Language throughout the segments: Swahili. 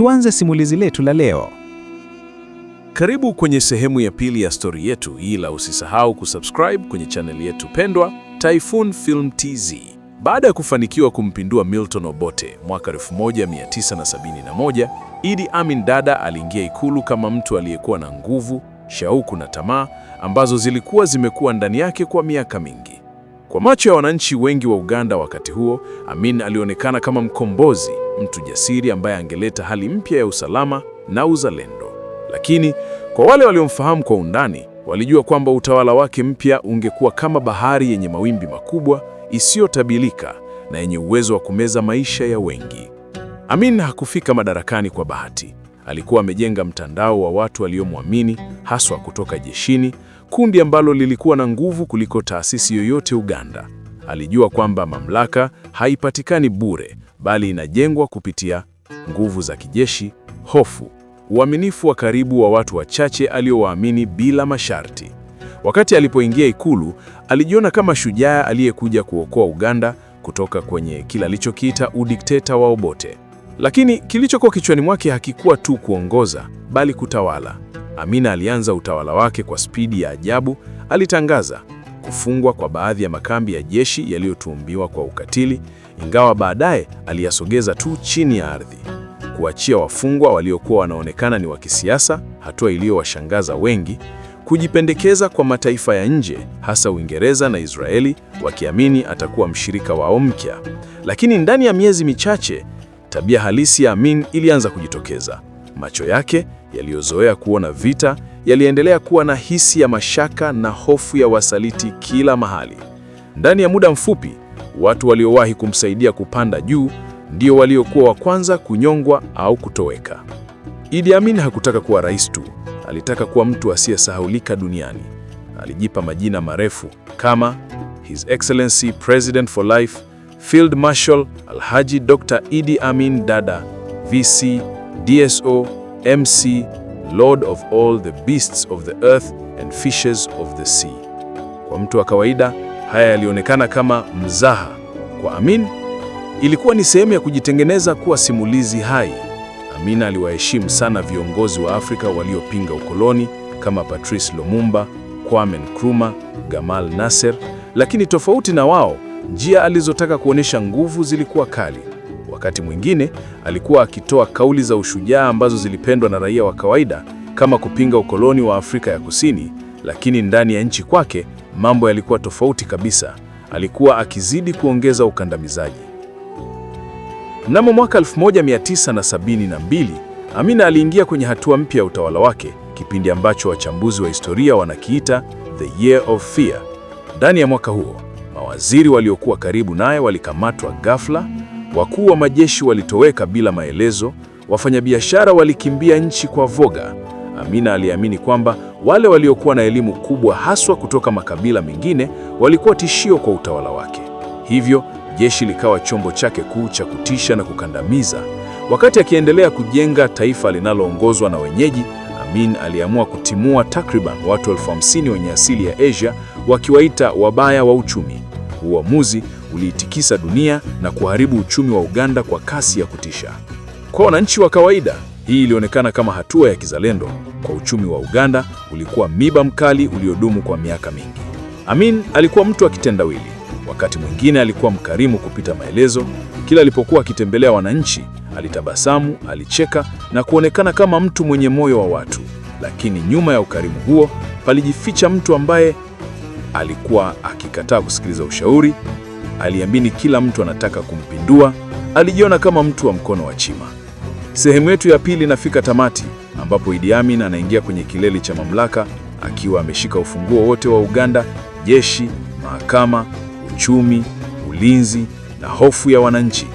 Tuanze simulizi letu la leo. Karibu kwenye sehemu ya pili ya stori yetu, ila usisahau kusubscribe kwenye chaneli yetu pendwa Typhoon Film TZ. Baada ya kufanikiwa kumpindua Milton Obote mwaka 1971, Idi Amin Dada aliingia ikulu kama mtu aliyekuwa na nguvu, shauku na tamaa ambazo zilikuwa zimekuwa ndani yake kwa miaka mingi. Kwa macho ya wananchi wengi wa Uganda wakati huo, Amin alionekana kama mkombozi, mtu jasiri ambaye angeleta hali mpya ya usalama na uzalendo. Lakini kwa wale waliomfahamu kwa undani, walijua kwamba utawala wake mpya ungekuwa kama bahari yenye mawimbi makubwa, isiyotabilika na yenye uwezo wa kumeza maisha ya wengi. Amin hakufika madarakani kwa bahati. Alikuwa amejenga mtandao wa watu waliomwamini, haswa kutoka jeshini, kundi ambalo lilikuwa na nguvu kuliko taasisi yoyote Uganda. Alijua kwamba mamlaka haipatikani bure, bali inajengwa kupitia nguvu za kijeshi, hofu, uaminifu wa karibu wa watu wachache aliowaamini bila masharti. Wakati alipoingia Ikulu, alijiona kama shujaa aliyekuja kuokoa Uganda kutoka kwenye kile alichokiita udikteta wa Obote. Lakini kilichokuwa kichwani mwake hakikuwa tu kuongoza, bali kutawala. Amina alianza utawala wake kwa spidi ya ajabu. Alitangaza kufungwa kwa baadhi ya makambi ya jeshi yaliyotuumbiwa kwa ukatili, ingawa baadaye aliyasogeza tu chini ya ardhi. Kuachia wafungwa waliokuwa wanaonekana ni wa kisiasa, hatua iliyowashangaza wengi. Kujipendekeza kwa mataifa ya nje, hasa Uingereza na Israeli, wakiamini atakuwa mshirika wao mpya. Lakini ndani ya miezi michache, tabia halisi ya Amin ilianza kujitokeza. Macho yake yaliyozoea kuona vita yaliendelea kuwa na hisi ya mashaka na hofu ya wasaliti kila mahali. Ndani ya muda mfupi, watu waliowahi kumsaidia kupanda juu ndio waliokuwa wa kwanza kunyongwa au kutoweka. Idi Amin hakutaka kuwa rais tu, alitaka kuwa mtu asiyesahaulika duniani. Alijipa majina marefu kama His Excellency President for Life, Field Marshal Alhaji Dr. Idi Amin Dada, VC DSO, MC, Lord of all the beasts of the earth and fishes of the sea. Kwa mtu wa kawaida, haya yalionekana kama mzaha. Kwa Amin, ilikuwa ni sehemu ya kujitengeneza kuwa simulizi hai. Amin aliwaheshimu sana viongozi wa Afrika waliopinga ukoloni kama Patrice Lumumba, Kwame Nkrumah, Gamal Nasser, lakini tofauti na wao, njia alizotaka kuonyesha nguvu zilikuwa kali. Wakati mwingine alikuwa akitoa kauli za ushujaa ambazo zilipendwa na raia wa kawaida, kama kupinga ukoloni wa Afrika ya Kusini, lakini ndani ya nchi kwake mambo yalikuwa tofauti kabisa. Alikuwa akizidi kuongeza ukandamizaji. Mnamo mwaka 1972 Amina aliingia kwenye hatua mpya ya utawala wake, kipindi ambacho wachambuzi wa historia wanakiita the year of fear. Ndani ya mwaka huo mawaziri waliokuwa karibu naye walikamatwa ghafla, Wakuu wa majeshi walitoweka bila maelezo, wafanyabiashara walikimbia nchi kwa voga. Amina aliamini kwamba wale waliokuwa na elimu kubwa haswa kutoka makabila mengine walikuwa tishio kwa utawala wake. Hivyo jeshi likawa chombo chake kuu cha kutisha na kukandamiza. Wakati akiendelea kujenga taifa linaloongozwa na wenyeji, Amin aliamua kutimua takriban watu elfu hamsini wenye asili ya Asia, wakiwaita wabaya wa uchumi. Uamuzi uliitikisa dunia na kuharibu uchumi wa Uganda kwa kasi ya kutisha. Kwa wananchi wa kawaida, hii ilionekana kama hatua ya kizalendo kwa uchumi wa Uganda, ulikuwa miba mkali uliodumu kwa miaka mingi. Amin alikuwa mtu wa kitendawili, wakati mwingine alikuwa mkarimu kupita maelezo. Kila alipokuwa akitembelea wananchi, alitabasamu, alicheka na kuonekana kama mtu mwenye moyo wa watu, lakini nyuma ya ukarimu huo palijificha mtu ambaye alikuwa akikataa kusikiliza ushauri, aliamini kila mtu anataka kumpindua, alijiona kama mtu wa mkono wa chima. Sehemu yetu ya pili inafika tamati, ambapo Idi Amin anaingia kwenye kilele cha mamlaka akiwa ameshika ufunguo wote wa Uganda: jeshi, mahakama, uchumi, ulinzi na hofu ya wananchi.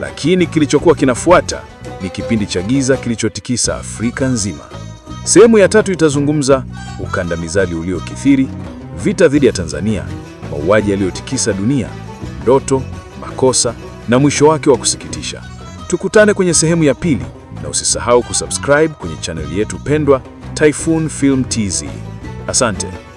Lakini kilichokuwa kinafuata ni kipindi cha giza kilichotikisa Afrika nzima. Sehemu ya tatu itazungumza ukandamizaji uliokithiri, vita dhidi ya Tanzania, mauaji yaliyotikisa dunia ndoto, makosa na mwisho wake wa kusikitisha. Tukutane kwenye sehemu ya pili, na usisahau kusubscribe kwenye chaneli yetu pendwa Typhoon Film TZ. Asante.